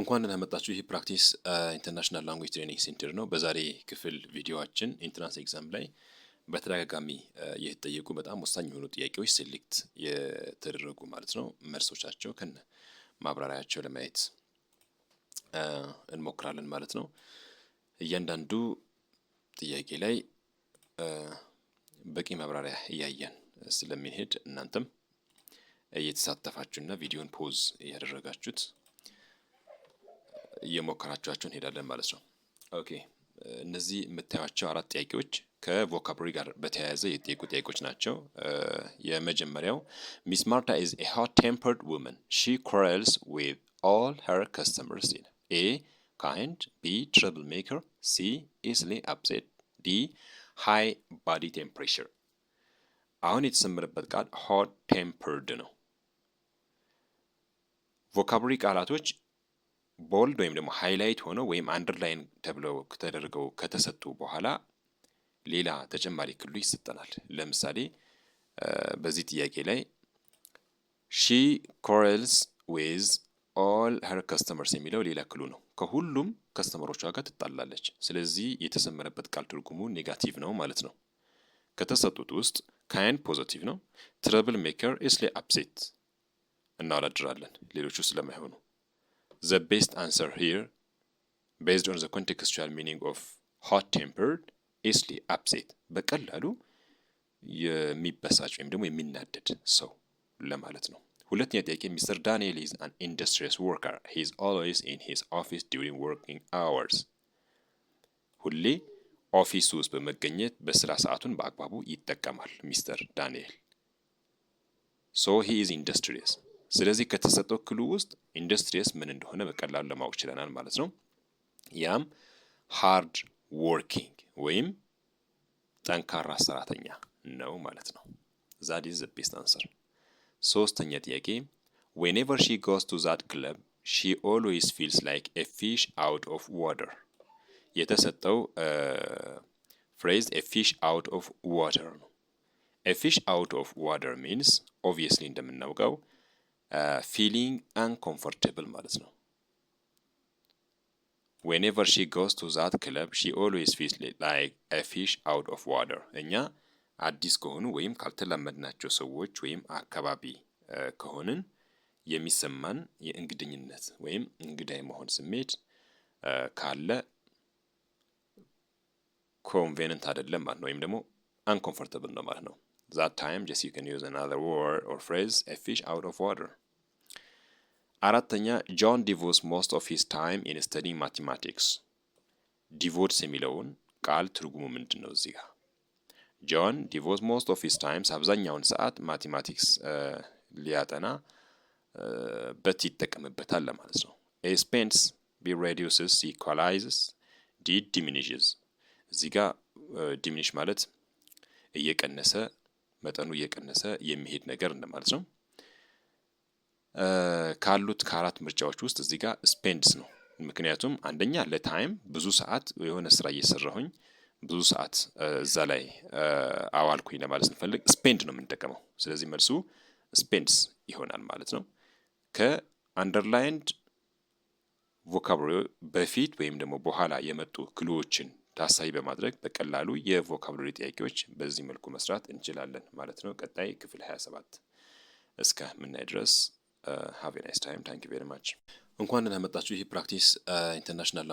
እንኳን ደህና መጣችሁ። ይህ ፕራክቲስ ኢንተርናሽናል ላንጉጅ ትሬኒንግ ሴንተር ነው። በዛሬ ክፍል ቪዲዮችን ኢንትራንስ ኤግዛም ላይ በተደጋጋሚ የተጠየቁ በጣም ወሳኝ የሆኑ ጥያቄዎች ሴሌክት የተደረጉ ማለት ነው መልሶቻቸው ከነ ማብራሪያቸው ለማየት እንሞክራለን ማለት ነው። እያንዳንዱ ጥያቄ ላይ በቂ ማብራሪያ እያየን ስለሚሄድ እናንተም እየተሳተፋችሁና ቪዲዮን ፖዝ እያደረጋችሁት እየሞከራችኋቸው እንሄዳለን ማለት ነው። ኦኬ እነዚህ የምታያቸው አራት ጥያቄዎች ከቮካብሪ ጋር በተያያዘ የተጠየቁ ጥያቄዎች ናቸው። የመጀመሪያው ሚስ ማርታ ኢዝ ኤ ሆት ቴምፐርድ ውመን ሺ ኮረልስ ዊዝ ኦል ሄር ከስተመርስ ይል ኤ ካይንድ፣ ቢ ትረብል ሜከር፣ ሲ ኢስሊ አፕሴት፣ ዲ ሃይ ባዲ ቴምፕሬቸር። አሁን የተሰመረበት ቃል ሆት ቴምፐርድ ነው። ቮካብሪ ቃላቶች ቦልድ ወይም ደግሞ ሃይላይት ሆነው ወይም አንደርላይን ተብለው ተደርገው ከተሰጡ በኋላ ሌላ ተጨማሪ ክሉ ይሰጠናል። ለምሳሌ በዚህ ጥያቄ ላይ ሺ ኮረልስ ዊዝ ኦል ሄር ከስተመርስ የሚለው ሌላ ክሉ ነው። ከሁሉም ከስተመሮቿ ጋር ትጣላለች። ስለዚህ የተሰመረበት ቃል ትርጉሙ ኔጋቲቭ ነው ማለት ነው። ከተሰጡት ውስጥ ካይን ፖዘቲቭ ነው። ትረብል ሜከር ኢስሊ አፕሴት እናወዳድራለን ሌሎቹ ስለማይሆኑ the best answer here, based on the contextual meaning of hot tempered, the upset በቀላሉ የሚበሳጭ ወይም ደግሞ የሚናደድ ሰው ለማለት ነው። ሁለተኛ ጥያቄ ሚስተር ዳንኤል ኢዝ አን ኢንዱስትሪየስ ወርከር ሂ ኢዝ ኦልዌይስ ኢን ሂዝ ኦፊስ ዲውሪንግ ወርኪንግ አወርስ። ሁሌ ኦፊስ ውስጥ በመገኘት በስራ ሰዓቱን በአግባቡ ይጠቀማል። ሚስተር ዳንኤል ሶ ሂ ኢዝ ኢንዱስትሪየስ ስለዚህ ከተሰጠው ክሉ ውስጥ ኢንዱስትሪየስ ምን እንደሆነ በቀላሉ ለማወቅ ችለናል ማለት ነው። ያም ሃርድ ወርኪንግ ወይም ጠንካራ ሰራተኛ ነው ማለት ነው። ዛት ኢዝ ዘ ቤስት አንሰር። ሶስተኛ ጥያቄ ዌንኤቨር ሺ ጎስ ቱ ዛት ክለብ ሺ ኦልዌይስ ፊልስ ላይክ ኤ ፊሽ አውት ኦፍ ዋተር። የተሰጠው ፍሬዝ ኤ ፊሽ አውት ኦፍ ዋተር ነው። ኤ ፊሽ አውት ኦፍ ዋተር ሚንስ ኦብቪየስሊ እንደምናውቀው ፊሊንግ uh, አንኮምፎርታብል ማለት ነው። ዌንኤቨር ሺ ጎስ ቱ ዛት ክለብ ሺ ኦልዌይስ ፊልስ ላይክ ኤ ፊሽ አውት ኦፍ ዋተር። እኛ አዲስ ከሆኑ ወይም ካልተላመድናቸው ሰዎች ወይም አካባቢ uh, ከሆንን የሚሰማን የእንግድኝነት ወይም እንግዳ የመሆን ስሜት uh, ካለ ኮንቬነንት አይደለም ማለት ነው፣ ወይም ደግሞ አንኮምፎርታብል ነው ማለት ነው። that time just you can use another word or phrase a fish out of water አራተኛ ጆን ዲቮትስ ሞስት ኦፍ ሂዝ ታይም ኢን ስተዲንግ ማቴማቲክስ ዲቮትስ የሚለውን ቃል ትርጉሙ ምንድን ነው እዚህ ጋር ጆን ዲቮትስ ሞስት ኦፍ ሂዝ ታይምስ አብዛኛውን ሰዓት ማቴማቲክስ ሊያጠና በት ይጠቀምበታል ለማለት ነው ኤስፔንስ ቢ ሬዲዩስስ ኢኳላይዝስ ዲ ዲሚኒሽስ እዚህ ጋር ዲሚኒሽ ማለት እየቀነሰ መጠኑ እየቀነሰ የሚሄድ ነገር እንደማለት ነው። ካሉት ከአራት ምርጫዎች ውስጥ እዚህ ጋር ስፔንድስ ነው። ምክንያቱም አንደኛ ለታይም ብዙ ሰዓት የሆነ ስራ እየሰራሁኝ ብዙ ሰዓት እዛ ላይ አዋልኩኝ ለማለት ስንፈልግ ስፔንድ ነው የምንጠቀመው። ስለዚህ መልሱ ስፔንድስ ይሆናል ማለት ነው። ከአንደርላይንድ ቮካብሪ በፊት ወይም ደግሞ በኋላ የመጡ ክልዎችን ታሳቢ በማድረግ በቀላሉ የቮካብላሪ ጥያቄዎች በዚህ መልኩ መስራት እንችላለን ማለት ነው። ቀጣይ ክፍል 27 እስከ ምናይ ድረስ ሃቭ ናይስ ታይም ታንክ ቬሪ ማች። እንኳን ደህና መጣችሁ። ይህ ፕራክቲስ ኢንተርናሽናል